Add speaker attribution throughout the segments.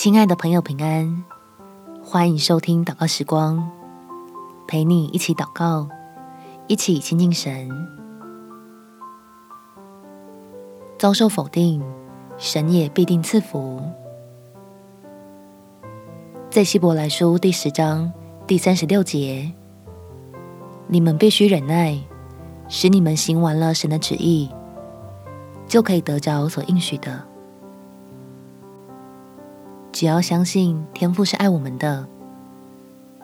Speaker 1: 親愛的朋友，平安！歡迎收聽禱告時光，陪你一起禱告，一起親近神。遭受否定，神也必定賜福。在希伯來書第十章第三十六節，你們必須忍耐，使你們行完了神的旨意，就可以得着所應許的。只要相信天父是愛我們的，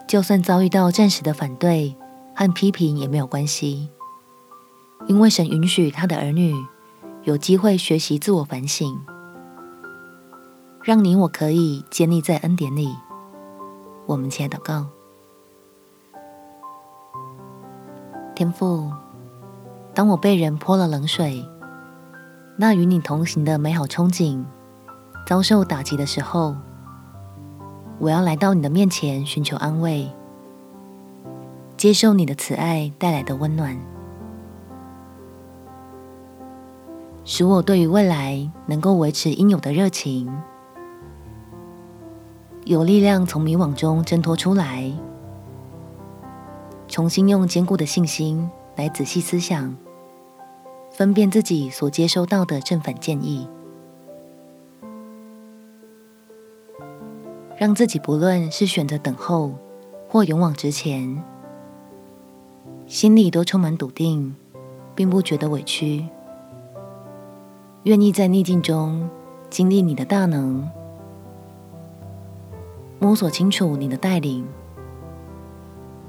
Speaker 1: 就算遭遇到暫時的反對和批評也沒有關係，因為神允許他的兒女有機會學習自我反省，讓你我可以堅立在恩典裡。我們且禱告：天父，當我被人潑了冷水，那與你同行的美好憧憬。遭受打擊的時候，我要來到你的面前，尋求安慰，接受你的慈愛帶來的溫暖，使我對於未來能夠維持應有的熱情，有力量從迷惘中掙脫出來，重新用堅固的信心來仔細思想，分辨自己所接收到的正反建議。讓自己不論是選擇等候，或勇往直前，心裡都充滿篤定，並不覺得委屈。願意在逆境中經歷你的大能，摸索清楚你的帶領，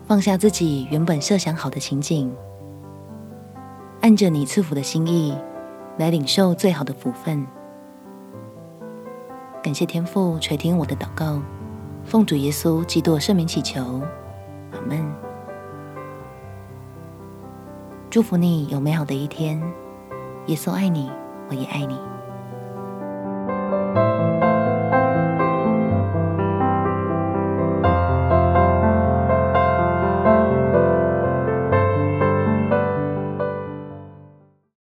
Speaker 1: 放下自己原本設想好的情景，按着你賜福的心意來領受最好的福分。感謝天父垂聽我的禱告，奉主耶穌基督聖名祈求，阿門。祝福你有美好的一天，耶穌愛你，我也愛你。